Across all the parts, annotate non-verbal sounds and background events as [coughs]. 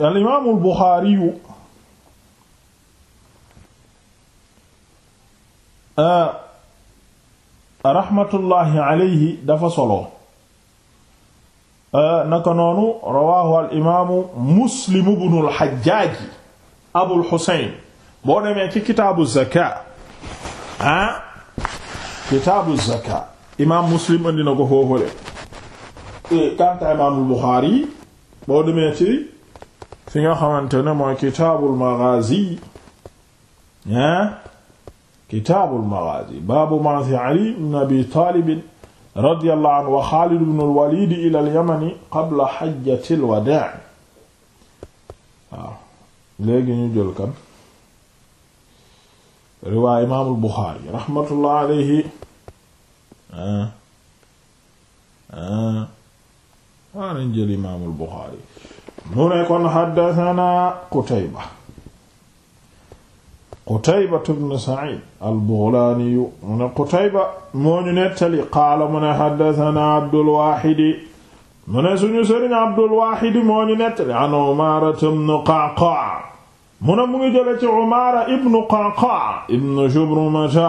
al imaamul Buxaari yu raxmatullaahi alayhi dafa solo naka noonu rawaahu al imaamu Muslim ibnul Xajjaaj Abul Xuseyn boo demee ci kitaabu zakaat ah kitaabu zakaat imaam Muslim andi na ko e, kanta imaamul Buxaari boo demee fi nga xamante ne mooy kitaabul maghazi ah kitaabul maghazi baabu ma'thi ali ibn abi taalib radiyallahu anhu wa xaalid ibn al-walid ila al-yaman qabla hajjati al-wadaa waaw léegi ñu jël kan riwaay imaamul buxaari rahmatullah alayhi ah ah waaw nañ jël imaamul buxaari mu ne kon xaddatanaa qutayba qutaybatu bnu said albughulaaniyu mu ne qutayba moo ñu nettali qaala mu ne xaddatanaa abdulwaaxidi mu ne suñu sëriñ abdulwaaxidi moo ñu nettali an umaarata bnu qaqaa mu ne mu ngi jële ci umaara ibnu qaqaa ibnu shubrumata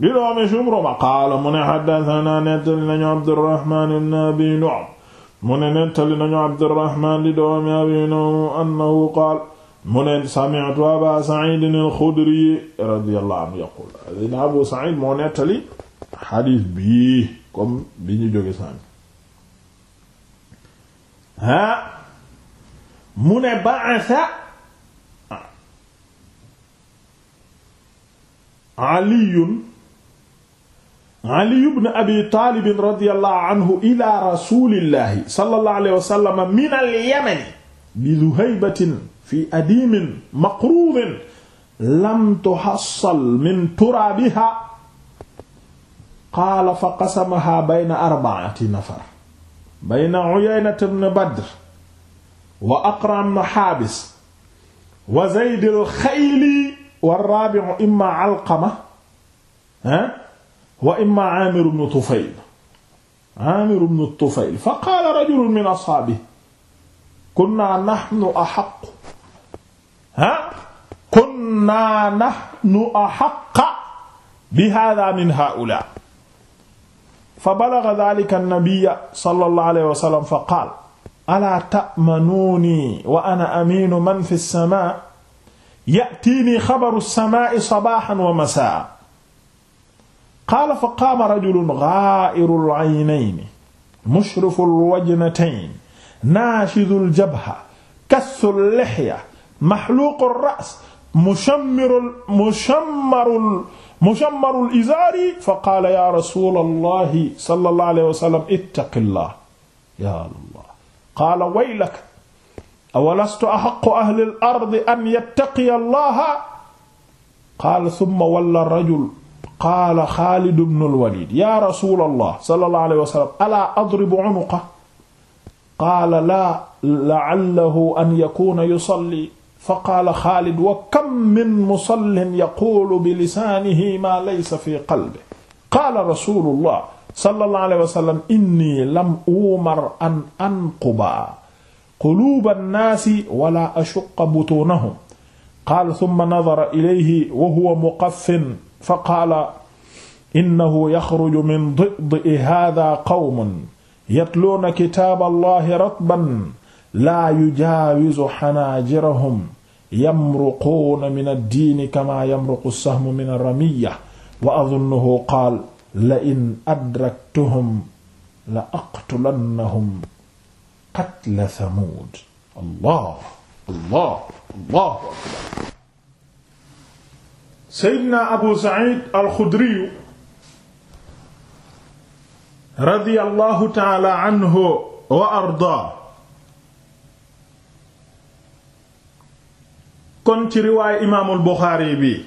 di doomi shubruma qaala mu ne xaddatanaa nettali nañu abdurahmaan ibnu abi nu'm mu ne nettali nañu Abdurrahmaan di doomi Abi Nawm annahu qaal mu ne sami'tu Abaa Sa'iid al-Xudri radiyallahu anhu yaqul dina Abu Sa'iid moo nettali xadiis bii comme bi ñu jóge sànni ha mu ne ba'atha Aliyun Ali ibn Abi Taalib radiyallahu anhu ila rasulillahi sallallahu alayhi wa sallam min al-Yaman bi dhuhaybatin fi adiimin maqruudin lam tuhassal min turaabiha qaala fa qasamahaa bayna arba'ati nafar bayna Uyaynata ibn Badr wa Aqra' ibn Haabis wa Zayd al-Khayli war-raabi'u imma Alqama ha wa imma Aamir ibn Tufayl Aamir ibn Tufayl fa qaala rajulun min ashaabihi kunnaa nahnu ahaqqu ha kunnaa nahnu ahaqqu bi haadhaa min haa'ulaa'i fa balagha dhaalika an-nabiyya sallallahu alayhi wa sallam fa qaala alaa ta'manuunii wa ana amiinu man fi as-samaa'i ya'tiinii khabaru as-samaa'i sabaahan wa masaa'an qaala fa qaama rajulun ghaa'irul 'aynayni mushriful wajnatayni naashidul jabha kathul lihya mahluuqur ra's mushammirul mushammarul mushammarul izaari fa qaala yaa rasuulallahi sallallahu alayhi wa sallam ittaqillah yaa Allah qaala waylaka awalastu ahaqqu ahlil ardi an yattaqiya Allaha qaala thumma walla rajul qaala xaalid ibn alwalid ya rasul allah sallallahu alayhi wa sallam alaa adribu unuqa qaala laa la'allahu an yakuna yusalli fa qaala xaalid wa kam min musallin yaqulu bilisaanihi maa laysa fi qalbi qaala rasulullah sallallahu alayhi wa sallam inni lam umar an anquba quluba annaasi wala ashuqqa butuunahum qaala thumma nadara ilayhi wa huwa muqaffin fa qaala innahu yaxruju min didi hada qawmun yatluuna kitaaba allahi ratban laa yujaawizu xanaajirahum yamruquuna min addiini kama yamruqu sahmu min arramiya wa adunnuhu qaal la in adraktuhum la aqtulannahum qatla thamuud allah allah allahu akbar seydna abu said alxudriyu radiyallahu taala anhu wa arda kon ci riwaay imaamul bi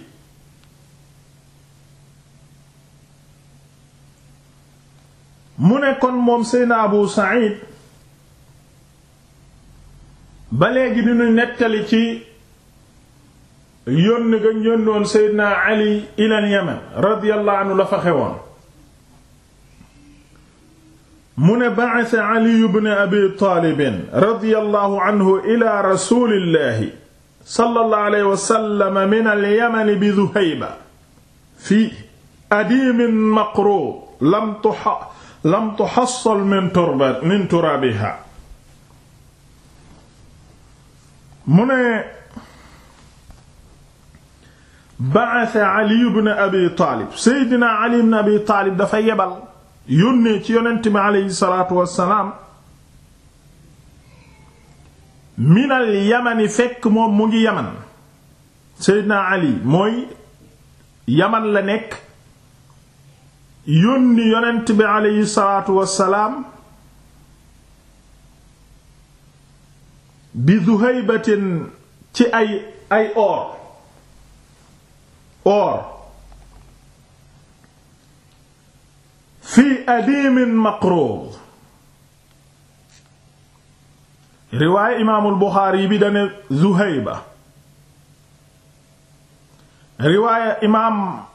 mu ne kon moom seydna abu said ba léegi dinu nettali ci yónni nga yónnoon Seydina Ali ilal Yaman radiyallahu anhu la fa xewoon mu ne ba'atha Ali ibn Abi Taalib radiyallahu anhu ila rasulillahi sallallahu alayhi wa sallam min al-Yaman bi Dhuhayba fi adiim maqruud lam tuha lam tuhassal min turba min turaabiha mu ne ba'atha Ali ibn Abi Taalib Seydina Ali ibn Abi Taalib dafa yebal yónnee ci yonent bi aleyhi salaatu wassalaam minal yamani fekk moom mu ngi yaman Seydina Ali mooy yaman la nekk yónni yonent bi aleyhi salaatu wassalaam bi Zuhaybatin ci ay ay oor or fii adimin maqruud riwaay imaamul Buxaari bi dane Zuhayba riwaaya imaam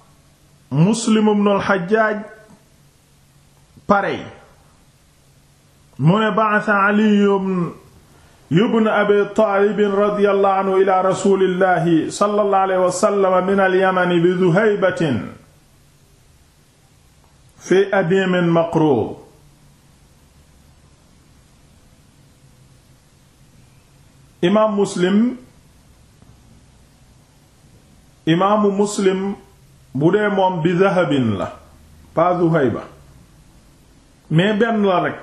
Muslim ibnul Hajjaaj parey mu ne ba'atha Aliyyun ibn abi taalib radiyallahu anhu ila rasulillahi sallallahu alayhi wa sallam min al-yaman bi dhuhaybatin fi adimin maqrub imaam muslim imaamu muslim bu dee moom bi dhahabin la pas dhuhayba mais benn la rek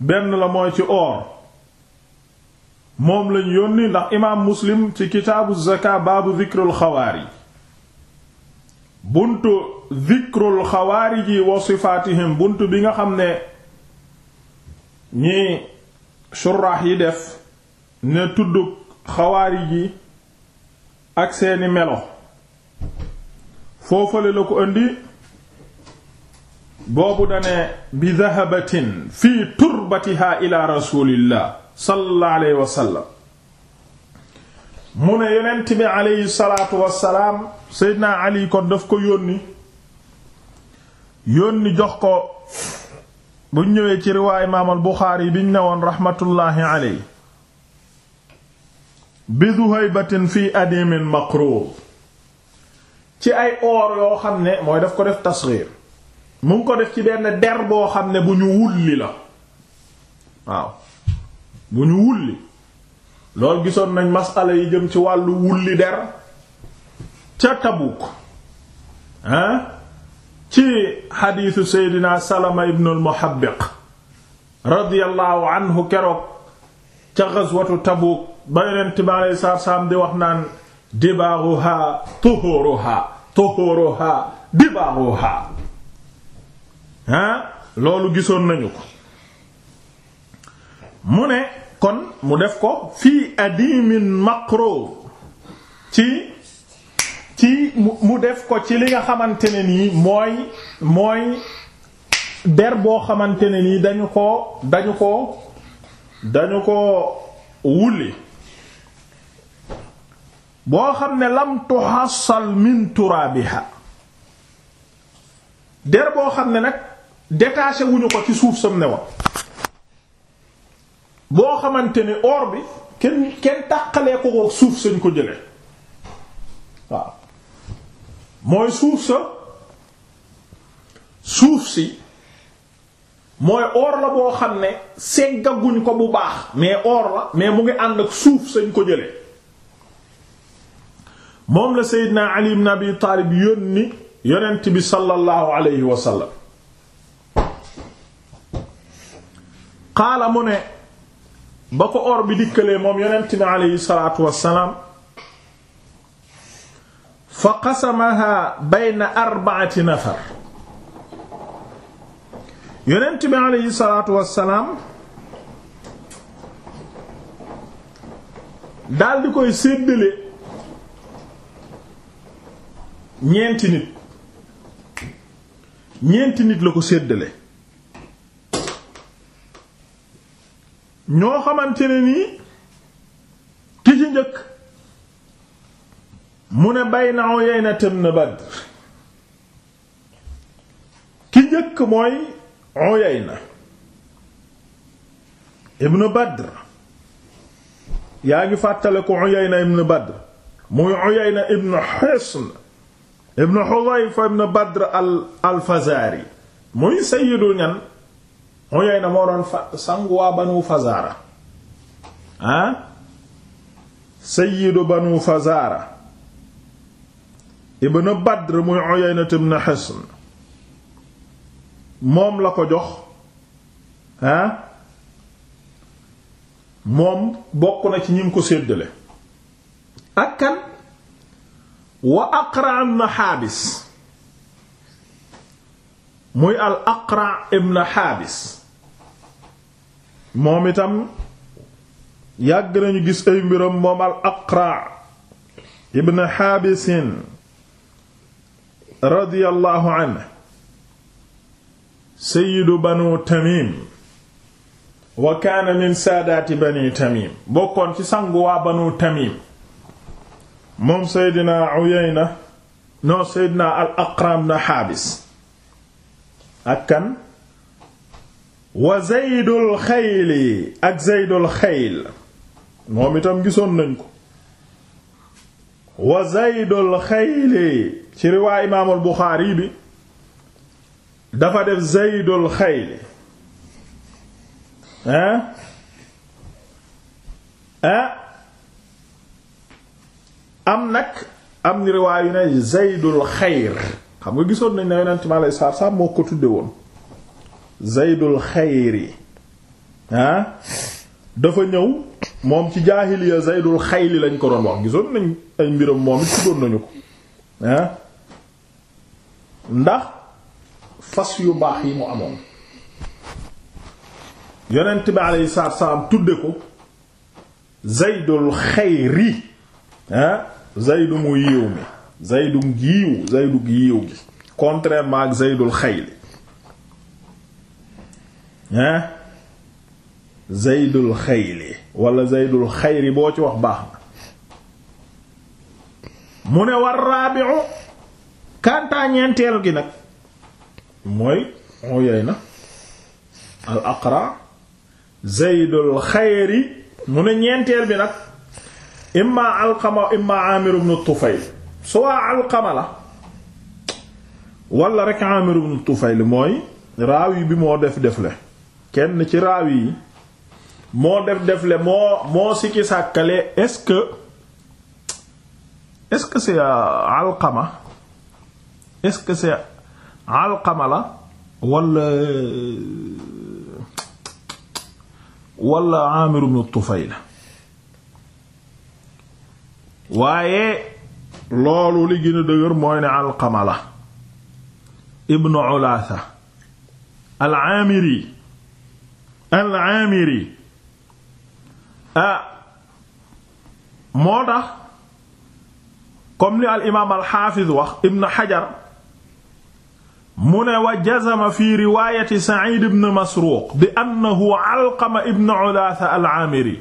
benn la mooy ci or moom lañ yónni ndax imaam muslim ci kitaabu zaka baabu dhikrul xawaarij buntu dhikrul xawaariji wa sifaatihim buntu bi nga xam ne ñi suraax yi def ne tuddug xawaariji ak seeni melo foofale la ko indi boobu dane bi dahabatin fii turbatiha ila rasulillah sallallahu alayhi wa sallam mu ne yonent bi aleyhi salaatu wasalaam seydina ali kon daf ko yónni yónni jox ko bu ñëwee ci riwaay imaam al buxaari biñ ne woon raxmatullaahi aleyhi bi duhaybatin fii adimin maqruub ci ay oor yoo xam ne mooy def ko def tasxiir mu ko def ci benn der boo xam ne bu ñu wulli la waaw bu ñu wulli loolu gisoon nañ masala yi jëm ci wàllu wulli der ca Tabuk ah ci xadiisu seydina Salama ibnul Muhabbiq radiyallahu anhu keroog ca gazwatu Tabuk ba yonent bi alayhi salaatu salaam di wax naan dibaaruha ah loolu gisoon nañu ko mu ne kon mu def ko fii adimin maqro ci ci mu def ko ci li nga xamante ne nii mooy mooy der boo xamante ne nii dañu ko dañu ko dañu ko wulli boo xam ne lam tuhassal min turabiha der boo xam ne nag détaché wuñu ko ci suuf sam ne wa boo xamante ni or bi kenn kenn tàqalee ko ko suuf sañ ko jële waaw mooy suuf si mooy or la boo xam ne seggaguñ ko bu baax mais or mais mu ngi ànd ak suuf sañ ko jële moom la Seydina Ali ibn Abi Taalib yónni yonent bi sallallahu alayhi wa xaala mu ne ba ko or bi dikkalee moom yonent bi aleyhi salaatu wassalaam fa qasamaha bayna arba'ati nafar yonent bi aleyhi salaatu wassalaam daal di koy séddale ñeenti nit ñeenti nit la ko séddale ñoo xamante ne nii ki ci njëkk mu ne bayna Uyayna ibn Badr ki njëkk mooy Uyayna ibn Badr yaa ngi fàttale ko Uyayna ibn Badr muy ibn Hisn ibn Hudhayfa ibn Badr al al muy sayyidu ñan Uyayna moo doon fa sangu waa banu Fazaara ah sayyidu banu Fazaara ibnu Badr muy Uyayna ibn Hisn moom la ko jox ah moom bokk na ci ñim ko séddale ak wa Aqra ibn Haabis muy al Aqra ibn Haabis moom itam yàgg nañu gis ay mbiram moom al aqra ibn xaabisin radiyallahu anhu sayyidu banu tamim wa kaana min saadaati bani tamim bokkoon ci sangu waa banu tamim moom seydina uyayna noo seydina al aqra ibn xaabis ak wa zeydul xayli ak zeydul xayl moom itam gisoon nañ ko wa zeydul xayli ci riwaay imaamul buxaari bi dafa def zeydul xayli ah ah am nag am ni riwaay yu ne zeydul xayr xam nga gisoon nañ ne yonent mi alayhi salaatu salaam moo ko tudde woon zeydul xayri ah, dafa ñëw moom ci jaahiliya zeydul xayli lañ ko doon wax gisoon nañ ay mbiram moom it tuddoon nañu ko ah. ndax fas yu baax yi mu amoon yonent bi alayhi salaatu salaam tudde ko zeydul xayri ah mu yiw mi zeydu ngiiw zeydu ngiiw gi contrairement ak zeydul xayli hein zeydul xayli wala zeydul xayri boo ci wax baax na mu ne war raabiu kantaa ñeenteel gi nag mooy moo yey na al aqra zeydul xayri mu ne ñeenteel bi nag imma alqama imma amir ibn tufayl suwaa alqama la wala rek amir ibn tufayl mooy raawi bi moo def defle kenn ci raawi yi moo def defle moo moo sikki sàkkale est-ce que est-ce que alqama est-ce que c'est alqama la wala wala waaye loolu li gën a dëgër mooy ne alqama la ibnu Ulaasa al-Aamiri al-Aamiri ah moo tax comme li al imaam al-Haafiz wax Ibn Hajar mu ne wa jazama fi riwaayati Sa'iid ibn Masruuq bi annahu Alqama ibn Ulaatha al-Aamiri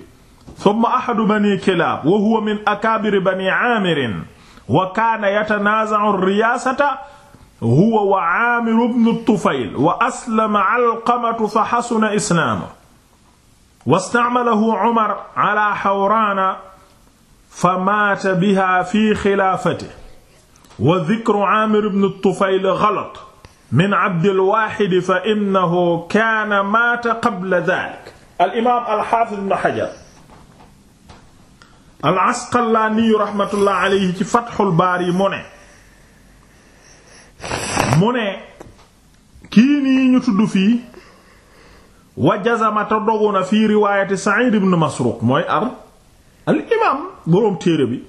thumma ahadu bani Kilaab wa huwa min akaabiri bani Aamir wa kaana yatanaaza'u ar-riyaasata huwa wa aamiru bnu tufayl wa aslama alqamatu fa xasuna islaamu wastacmalahu omar ala xawraana fa maata biha fi xilaafate wa dikru aamir bnu tufayl galat min abdilwaxidi fa innahu kaana maata qabla dalik alimaam alxaafis bnu xajar alasqalaaniyu raxmatullah aleyhi ci fatxul baari mu ne mu ne kii nii ñu tudd fii wa jazama te dogu na fii riwaayati Sa'id ibn Masruq mooy ar al imaam boroom téere bi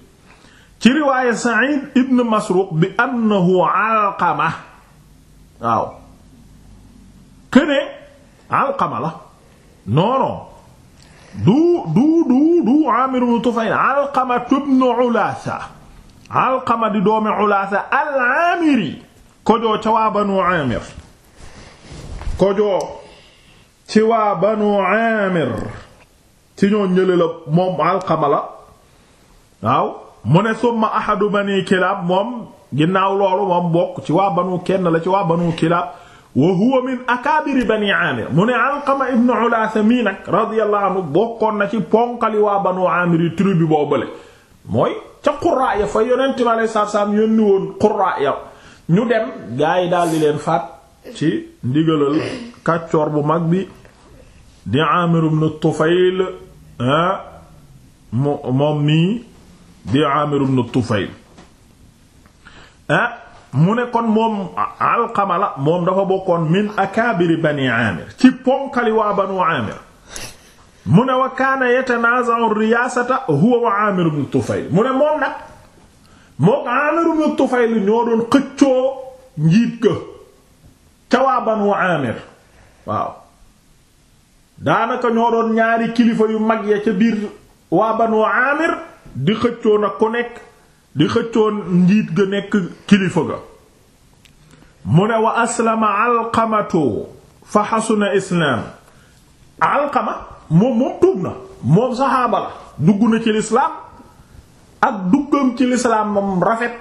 ci riwaaya Sa'id ibn Masruq bi annahu Alqama waaw këne Alqama la non du du du du Aamir ibn Tufayl Alqama ibn Ulaasa Alqama di doomi Ulaasa al-Aamiri kojoo ca waa banu amir kojoo ci waa banu amir ci ñoo ñële moom alxama la waaw mu ne summa ahadu kilaab moom ginnaaw loolu moom bokk ci waa banu kenn la ci waa banu kilaab wa huwa min akaabiri bani amir mu alqama ibnu ulaasa mii nag radiyallahu anhu bokkoon na ci ponkali waa banu amir yi tribu boo bële mooy ca qurraa ya fa yonent bi salaam yónni woon qurraa ya ñu dem gaa yi daldi leen faat ci ndigalal kàccoor bu mag bi di Amir ibn Tufayl ah moom ah, mu ne kon moom Alqama moom dafa bokkoon min akaabiri bani Amir ci ponkali waa banu Amir mu ne wa kaana yatanaaza'u riyaasata huwa wa Amir ibn Tufayl mu ne moom nag moo Aamir ibn Tufayl ñoo doon xëccoo njiit ga ca waa Banu Aamir waaw daanaka ñoo doon ñaari kilifa yu mag ya ca biir waa Banu Aamir di xëccoo nag ku nekk di xëccoo njiit ga nekk kilifa ga mu ne wa aslama alqamatu fa xasuna islaam alqama moom moom tuub na moom saxaaba dugg na ci lislaam ak duggam ci lislaam moom rafet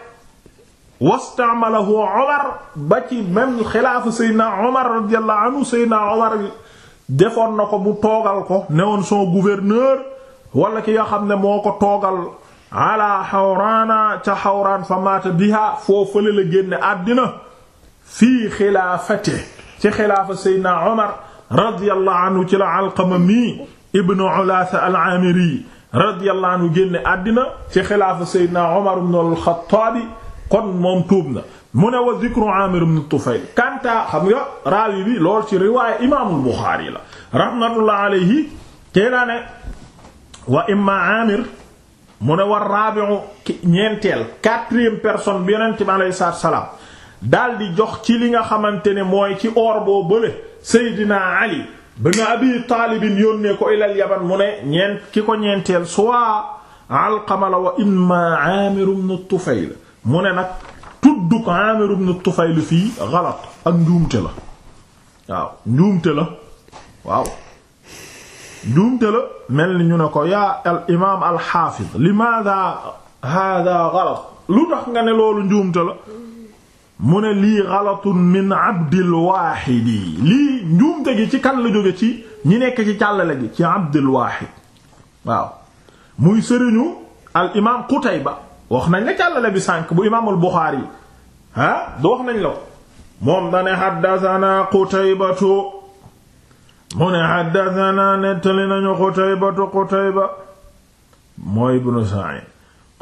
wastaamalahu Omar ba ci même xilaafu Seydina Omar radiyallahu anhu Seydina Omar defoon na ko mu toogal ko newoon son gouverneur wala ki nga xam ne moo ko toogal ala xawraana ca xawraan fa maata biha foo fële la génne àddina fii xilaafate ci xilaafa Seydina Omar radiyallahu anhu ci la Alqama mi Ulaasa al-Aamiri radiyallahu anhu génne àddina ci xilaafa Seydina Omar ibn al kon moom tuub mu ne wa zikru Amir ibn Tufayl kanta xam nga raawi bi lool ci riwaaya imaamul Buxaari la rahmatullahi alayhi tey Amir mu ne war rabi'u ñeenteel quatrième personne bi yonent bi alayhi salaam daal di jox ci li nga xamante ne mooy ci or bële Seydina Ali ibn abi taalibin yónnee ko ilal yaman mu ne ñeent ki ko ñeenteel soit alqama la wa imma aamir ibn tufayl mu ne nag tudd ko aamir ibn tufayl fii galat ak njuumte la waaw la waaw la mel ni ñu ne ko yaa al imaam al xaafid lu tax nga ne loolu njuumte la mu ne lii xalatun min abdil waaxidi lii njuumte gi ci kan la jóge ci ñi nekk ci càllale gi ci abdil waaxid waaw muy sëriñu al imaam Qutayba wax nañ la càllale bi sànq bu imaamul Buxaari yi ah du wax nañ la ko moom dane xaddasanaa Qutaybatu mu ne xaddasanaa nettali nañu Qutaybatu Qutayba mooy ibnu Sa'id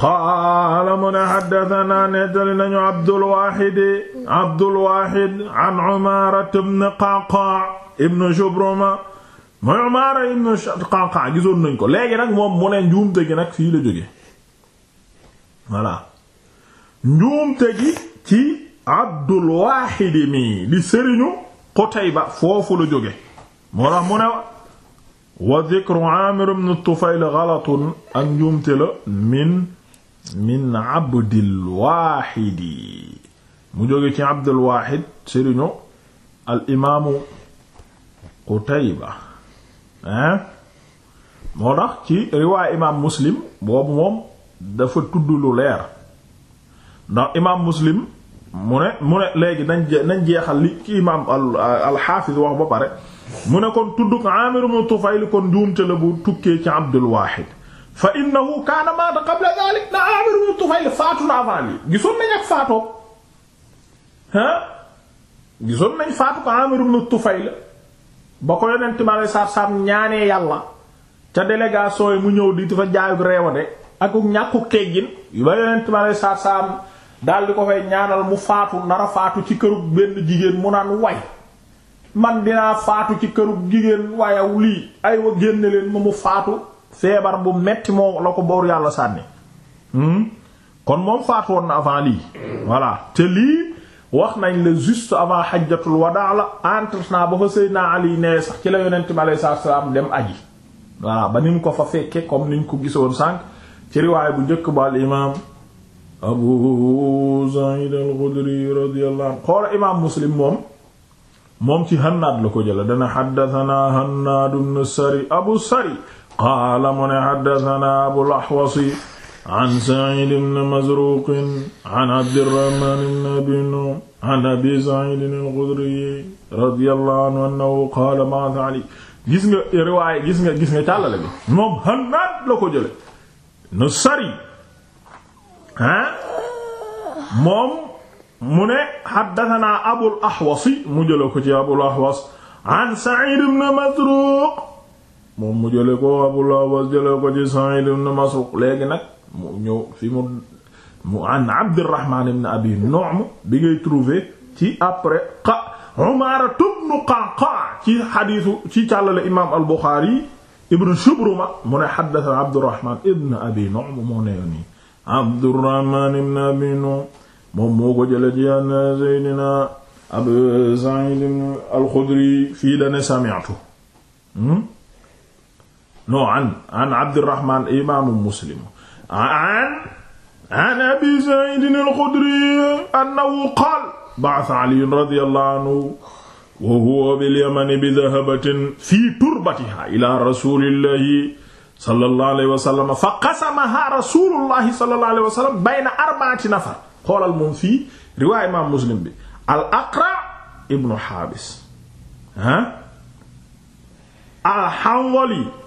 qaala mu ne xaddatanaa nettali nañu abdulwaxidi abdulwaxid an umarat ibn qaqaa ibn jubruma mooy umaara ibn qaqaa gisoon nañ ko léegi nag moom mu ne njuumte gi nag fii la jóge voilà njuumte gi ci abdulwaxidi mi di sëriñu qutayba foofu la jóge moo tax mu ne wa dikru amir ibn tufayl galatun ak njuumte la min min abdil waaxidi mu jóge ci abdul waaxid sëriñu al imaamu Qutayba hein moo tax ci riwaay imaam muslim boobu moom dafa tudd lu leer ndax imaam muslim mu ne mu ne léegi nañ jeexal li imaam al alxaafiz wax ba pare mu ne kon tudd ko Aamir ibn Tufayl kon njuumte la bu tukkee ci abdul waaxid fa innahu kaana maata qabla dalik na faatu na avant lii gisoon nañ ak faatoom ah gisoon nañ faatu ko Amir ibn ba ko yonent ma lay saar saam ñaanee yàlla ca délégation yi mu ñëw di dafa jaayug reewade ak ñàkkuk teggin ba yonent ma lay saar saam daal ko fay ñaanal mu faatu nara faatu ci kërug benn jigéen mu naan way man dinaa faatu ci këru jigéen waaye lii ay wa génne leen ma mu faatu feebar bu metti moo la ko boor yàlla sànni hmm? kon moom faatu woon na avant lii voilà te lii wax nañ la juste avant xajjatul wadaa entre naa ba fa Seydina Ali ne sax ci la yonent bi aleyhi salaatu salaam dem aji voilà ba ni mu ko fa fekke comme ni ko gisoon sànq ci riwaay bu njëkk ba al imaam Abu Sa'id al-Khudri radiyallahu xoola imaam Muslim moom moom ci Hannaad la ko jëla dana haddathana Hannaad ibn Sari Abu Sari qaala mu ne xaddatana abul axwasi an said bn masruqin an abdirahman bn abi nuum an abi saidin alxudriyi radiyallahu anhu annahu qaala maata ali gis nga riwaaye gis nga gis nga càllale bi moom Hannaad la ko jële nu sari ah moom mu ne xaddatana abul axwasi mu jële ko ci abul axwas an said bn masruq moom mu jële ko Abul Awas jële ko ci Sa'id ibn Masruq léegi nag mu ñëw fi mu mu an Abdurrahman ibn Abi ci après qa Umaara ci xadiisu ci càllale mu ne xaddasa Abdurrahman ibn Abi Nu'm moo ko jële ci an Abu Sa'id al-Khudri fii dane sami'tu hmm? non an an Abdurrahman imaamu Muslim an an Abi Sa'id al-Khudri annahu qaala ba'atha Ali radiyallahu anhu wa huwa bil Yaman bi dhahabatin fi turbatiha ila rasulillahi sallallahu alayhi wa sallam fa qasamaha rasulullahi sallallahu alayhi wa sallam bayna arba'ati nafar xoolal moom fii riwaay imaam Muslim bi al Aqra ibnu Haabis ah al-Hanzali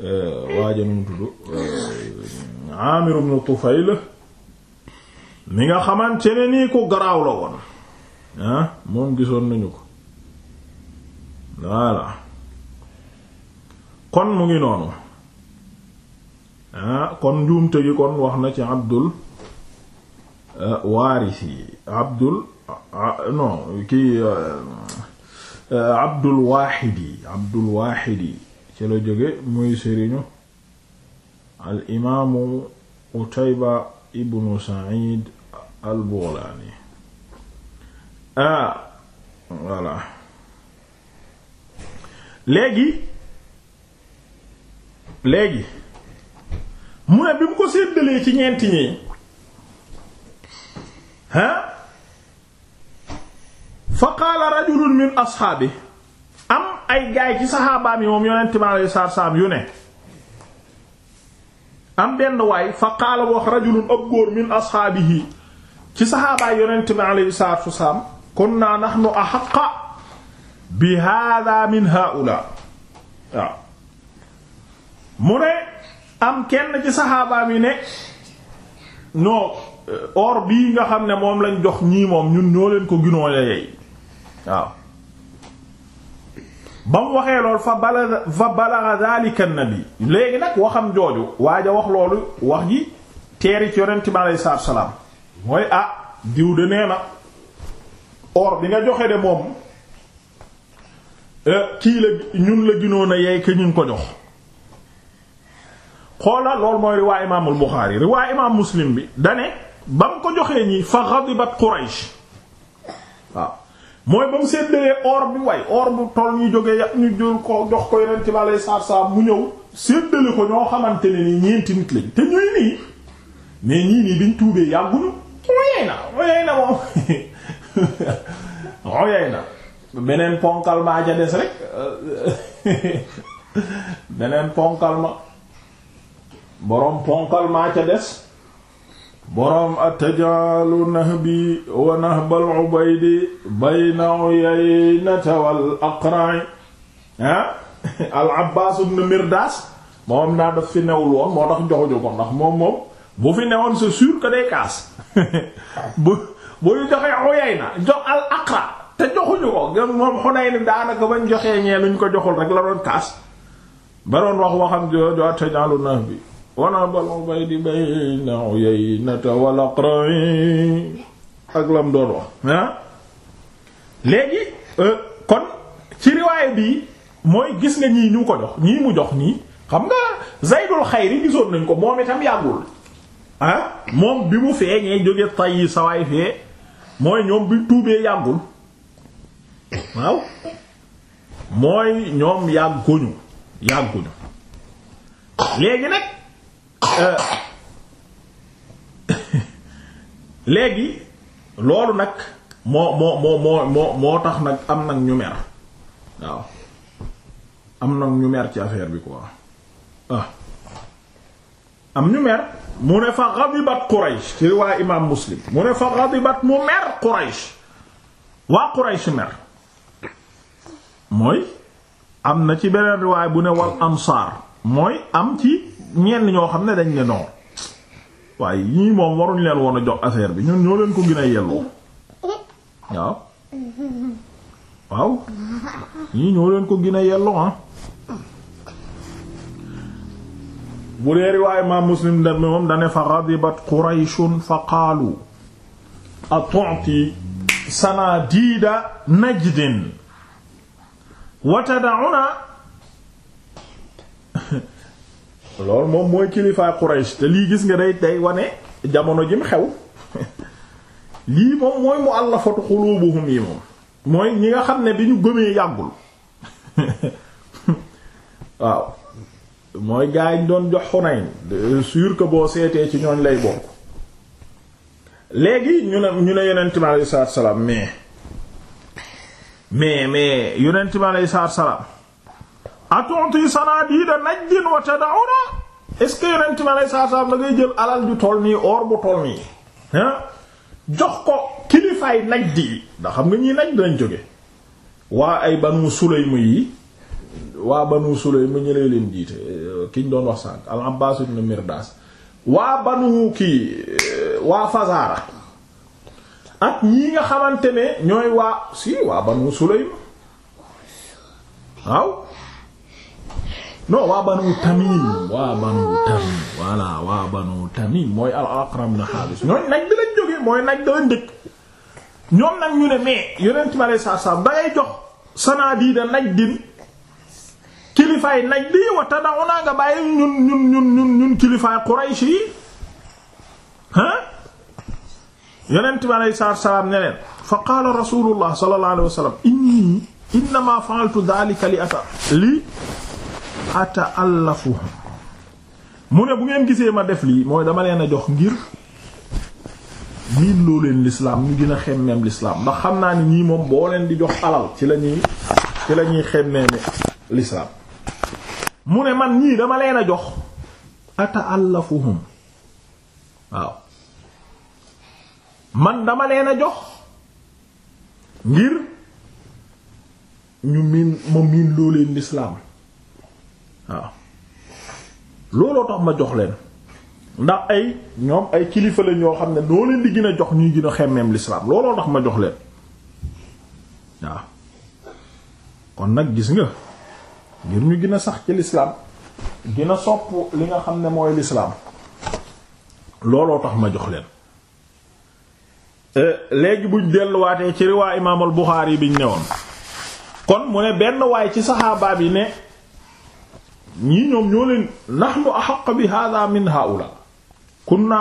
Euh, waaja nu mu tudd euh, Amir ibn Tufayl mi nga xamante ne nii ku garaaw la woon ah, moom gisoon nañu ko voilà kon mu ngi noonu ah, kon njuumte gi kon wax na ci Abdul euh, Waarisi Abdul ah, non kii Abdul Waahidi Abdul Waahidi ci la jóge muy sëriñu al imaamu Utayba ibnu Saïd al Baghlaani ah voilà léegi léegi mu ne bi mu ko séddalee ci ñeenti ñi ha fa qaala rajulun min ashaabi ay gaay ci saxaabaam yi moom yonent bi alayhi salaatu salaam yu ne am benn waay fa qaala wax rajulun ab góor min ashaabihi ci saxaabaay yonent bi alayhi salaatu salaam kunna nahnu ahaqqa bi haadaa min haa'ulaa mu ne am kenn ci saxaabaam yi ne non or bii nga xam ne moom lañ jox ñii moom ñun ñoo leen ko ginoo yeyey waaw ba mu waxee lool fa bala fa balagha dhalika an-nabi léegi nag waxam jooju waaja wax loolu wax ji teeri ci yonent bi aleyhi salaatu wa salaam mooy ah diw de nee na or bi nga joxe de moom eh, kii la ñun la ginoon a yey ke ñu ko jox xoola lool mooy riwaa imaamul Buxaari riwaa imaam Muslim bi dane ba mu ko joxee ñi fa ghadibat Quraysh waaw mooy ba mu séddalee or bi way or bu toll ñu jógee ñu jël ko jox ko yeneen ci balay saar-saar mu ñëw séddale ko ñoo xamante ni ñeenti nit lañ te ñuy nii mais ñii nii biñ tuubee yàgguñu oyey na na moom [laughs] oyey na beneen ponkal ma ja des rek [laughs] beneen ponkal ma boroom ponkal maa ca des boroom atajaalu nahbi wa nahbal ubaydi bayna uyaynata wal aqra'i ah [laughs] al abbaas ibn mirdaas moom naa daf fi newul woon moo tax joxuñu ko ndax moom moom bu fi newoon c'est sûr que day kaas [laughs] bu buy joxe uyayna jox al aqra te joxuñu ko gën moom xunayn daanaka bañ joxee ñee luñ ko joxul rek la doon kaas ba doon wax waxam jooju atajaalu nahbi wana bal ubaydi bayna uyaynata wal aqra'i ak lam doon wax ah léegi euh, kon ci riwaay bii mooy gis nga ñii ñu ko jox ñii mu jox nii xam nga zaydul xayri gisoon nañ ko moom itam yàggul ah moom bi mu feeñee jóge tay yi sawaay fee mooy ñoom bi tuubee yàggul waaw mooy ñoom yàgguñu yàgguñu léegi nag Euh. [coughs] léegi loolu nag moo moo moo moo moo tax nag am nag ñu mer waaw am nag ñu mer ci affaire bi quoi ah am ñu mer mu ne fa ghadibat Quraysh ci riwaaya imaam Muslim mu ne fa ghadibat mu mer Quraysh waa Quraysh mer mooy am na ci beneen riwaay bu ne wal ansaar mooy am ci ñenn ñoo xam ne dañ ne non waaye ñii moom waruñ leen woon a jox affaire bi ñun ñoo leen ko gën a yelloo waaw waaw ñii ñoo leen ko gën a yelloo ah. bu dee riwaaya imaam Muslim da moom dane fa ghadibat Qurayshun fa qaalu atu'ti sanadiida Najdin wa tad'una loolu moom mooy kilifaay Quraysh te lii gis nga day day wane jamono jim xew [laughs] lii moom mooy mu àllafatu xuluubuhum yi moom mooy ñi nga xam ne bi ñu gëmee yàggul [laughs] waaw mooy gaa yi doon jox Hunayn sûr que boo seetee ci ñooñ lay bokk léegi ñu ne ñu ne yonent bi alayhi salaam mais mais mais yonent bi alayhi salaam atonti sanadida najdin wa tad'una est-ce que yonent mi alay saa salaam da ngay jël alal ju toll nii or bu toll nii jox ko kilifaay najd yi ndax xam nga ñii najd dañ jóge waa ay banu sulaym yi waa banu sulaym ñu lay leen jiite euh, kiñ doon wax sànq al abbas ibn mirdas waa banu kii euh, waa fazaara ak ñii nga xamante ne ñooy waa si waa banu sulaym waaw non waa banu tamim waa banu tamim waa banu tamim mooy al aqram na xaalis ñooñ nag di mooy nag da lañ dëkk nag ñu ne mais yonent mi aleyhi salaatu salaam da ngay jox sanadiida najdin kilifaay najdi wa tadawna nga bàyyi ñun ñun ñun ñun kilifaay Quraysh yi ah yonent bi aleyhi salaatu salaam ne fa qaala rasulullah sallallahu inni innama fa'altu dhalika li ata li ata'allafu mu ne bu ngeen gisee ma def lii mooy dama leen a jox ngir miin loo leen lislaam ñu gën a xemmeem lislaam ndax xam naa ni ñii moom boo leen di jox alal ci la ñuy ci la ñuy xemmeeme lislaam mu ne man ñii dama leen a jox ata'allafuhum waaw man dama leen a jox ngir ñu miin ma miin loo leen lislaam waaw looloo tax ma jox leen ndax ay ñoom ay kilifa la ñoo xam ne noo leen gën a jox ñuy gën a xemmeem lislaam looloo tax ma jox leen waaw kon nag gis nga ngir ñu gën a sax ci lislaam gën a sopp li nga xam ne mooy lislaam looloo tax ma jox leen eh, léegi buñ delluwaatee ci riwaa imaamul Buxaari biñ newoon kon mu ne benn waay ci saxaabaam yi ne ñii ñoom ñoo leen nahnu ahaq bi hada min haula kunna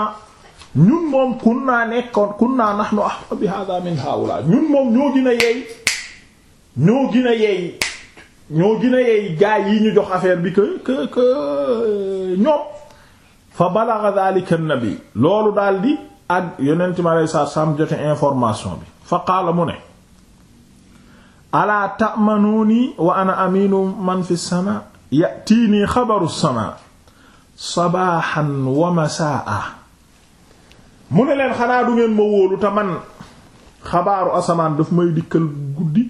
ñun moom kunna nekkoon kunna nahnu ahaq bi hada min haula ñun moom ñoo gën a ñoo gën a yeey ñoo yi ñu jox affaire bi que que que ñoom fa balagha dhalika an-nabi loolu daal di ak yonent mi salaam jote information bi fa qaala mu ne alaa ta'manuuni wa ana amiinu man fi as yatiinii xabaru samaa sabaaxan wa masaa mu ne leen xanaa du ngeen ma wóolu te man xabaaru asamaan daf may dikkal guddi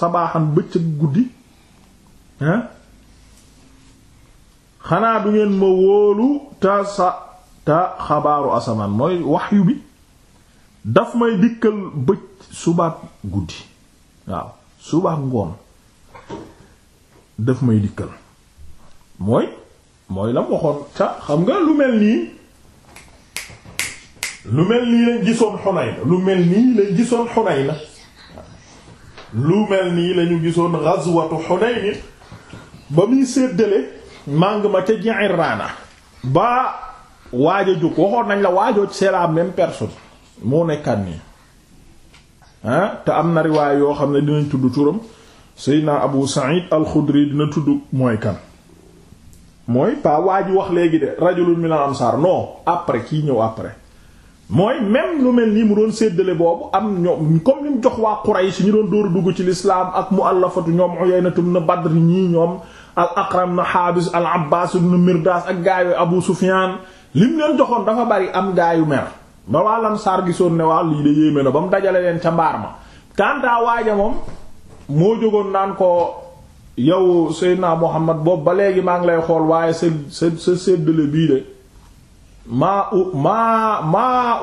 sabaaxan bëccëg guddi ah xanaa du ngeen ma wóolu te sa te xabaaru asamaan mooy waxyu bi daf may dikkal bëcc subaak guddi waaw subaak ngoon daf may dikkal mooy mooy la mu waxoon ca xam nga lu mel nii lu mel nii lañ gisoon Xunayn lu mel nii lañ gisoon lu mel nii lañu gisoon gazwatu Xunayn ba muy séddale màng ma ca Ji'irraana ba waaj a jóg waxoon nañ la waajoo c'est la même personne moo nekkaat nii te am na riwaay yoo xam ne dinañ tudd turam Seydina Abu Sa'id al-Khudri dina tudd mooy kan mooy pas waa ji wax léegi de rajulun min al ansar non après kii ñëw après mooy même lu mel nii mu doon séddale boobu am ñoom comme li mu jox waa Quraysh ñu doon dóoru dugg ci l'islam ak muallafatu ñoom Uyaynatum na Badr ñii ñoom al Aqram na Habis al Abbas ibn Mirdas ak gaayu Abu Sufyan lim leen joxoon dafa bari am gaayu mer ba waa Ansaar gisoon ne waa lii de yéeme na ba mu dajale leen ca mbaar ma kantaa waaja moom moo jógoon naan ko yow naa Muhammad boobu ba léegi maa ngi lay xool waaye sa sa sa séddale bii de maa u maa maa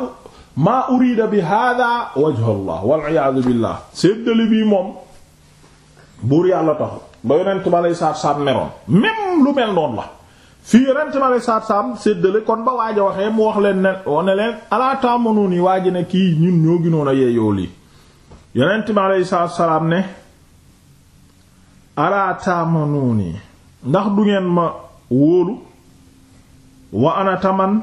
maa urida bi hada wajha Allah wal iyaadu billah séddale bii moom buur yàlla taxu ba yonent ma lay saat saam meroon même lu mel noonu la fii yonent ma lay séddale kon ba waaj a waxee mu wax leen ne leen alaa taamanu ni waaj ne kii ñun ñoo ginoon a yeeyoo lii yonent ma salaam ne alaa taamanuuni ndax du ngeen ma wóolu wa ana taman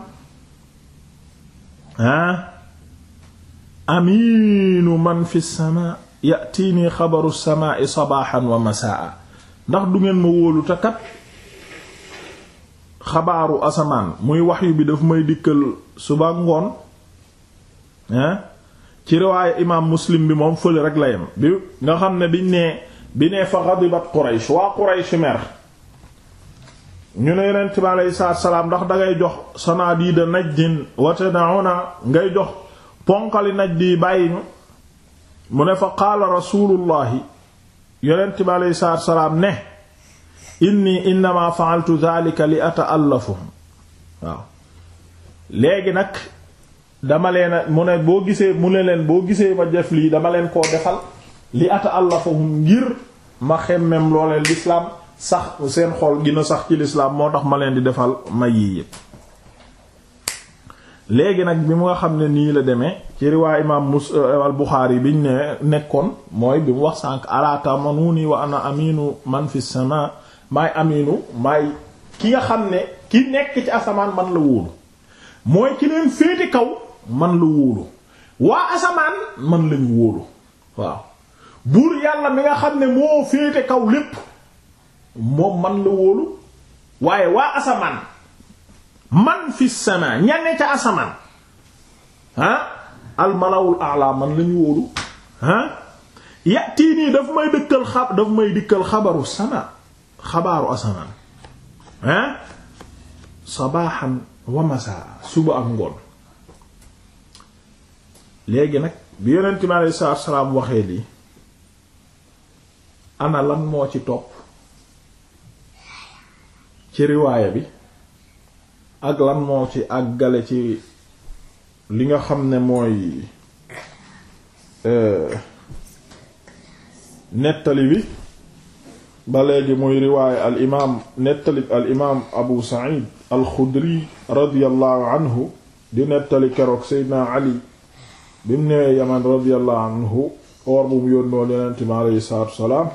amiinu man fi sama yatiinii xabaru samaai sabaaxan wa masaa ndax du ngeen ma wóolu te kat xabaaru asamaan muy waxyu bi daf may dikkal suba ngoon ci riwaaya imaam muslim bi moom fële rek la bi nga xam ne biñ nee bi ne fa ghadibat Quraysh waa Quraysh mer ñu ne yonent bi aleyhi salaatu salaam ndax dangay jox sanadiida Najdin wa tad'una ngay jox ponkali Najd yi bàyyi ñu mu ne fa qaala rasuulullahi yonent bi aleyhi salaatu salaam ne inni innama fa'altu dhalika li ata'allafahum léegi nag dama leen mu ne boo gisee mu ne leen boo gisee ma def lii dama leen koo defal li ata àllafahum ngir ma xemmem loolee lislaam sax seen xol gina sax ci lislaam moo tax ma leen di defal may yii yépp léegi nag bi mu nga xam ne nii la demee ci riwaa imaam mus euh, al Buxaari biñ ne nekkoon mooy bi mu wax sànq alaa tamanuni wa ana aminu man fi sama maay aminu maay ki nga xam ne ki nekk ci asamaan man la wóolu mooy ki leen féete kaw man la wóolu waa asamaan man lañu wóolu waaw buur yàlla mi nga xam ne moo féete kaw lépp moom man la wóolu waaye waa asamaan man fi sama ñane ca asamaan ah almalawul ala man la ñu wóolu ah yatii nii daf may dëkkal xab daf may dikkal xabaru sama xabaaru asamaan ah sabaaxan wa masaa suba ak ngoon léegi nag bi yonent mi aleyhi salaatu salaam waxee lii ana lan moo ci topp ci riwaaya bi ak lan moo ci àggale ci li nga xam ne mooy euh, nettali bi ba léegi muy riwaaya al imaam nettali al imaam abu sa'id al xudri radiyallahu anhu di nettali keroog seydna ali bi mu yaman radiyallahu anhu or bu mu yónnoo yonent mi alayhi salaatu wa salaam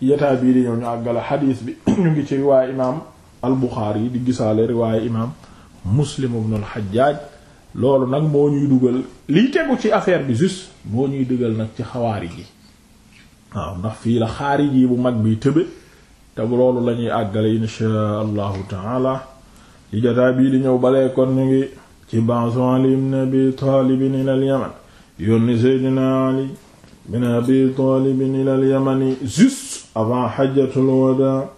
yataa bii di ñëw ñu àggale xadiis bi [clears throat] ñu ngi ci riwaay imaam al Buxaari di gisaale riwaay imaam Muslim ibn al Hajjaj loolu nag moo ñuy dugal liy tegu ci affaire bi juste moo ñuy dugal nag ci xawaarij yi waaw ndax fii la xaarij yi bu mag bi tëbe te loolu lañuy ñuy àggale inshaa allahu taala li bii di ñëw balee kon ñu ngi ci bason Ali ibn Abi Talib ila al Yaman yónni Seydina Ali ibn Abi Talib ila al Yaman juste avant xajjatul wadaa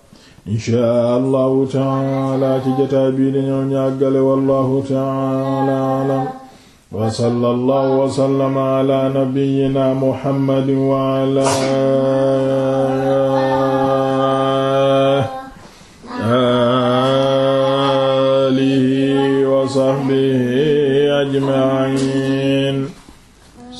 inshaa allahu taala ci jataa bii dañoo ñàggale wallahu taala alam wa sallallahu wa sallama ala nabiyyina muhammadin wa ala alihi wa sahbihi ajma'in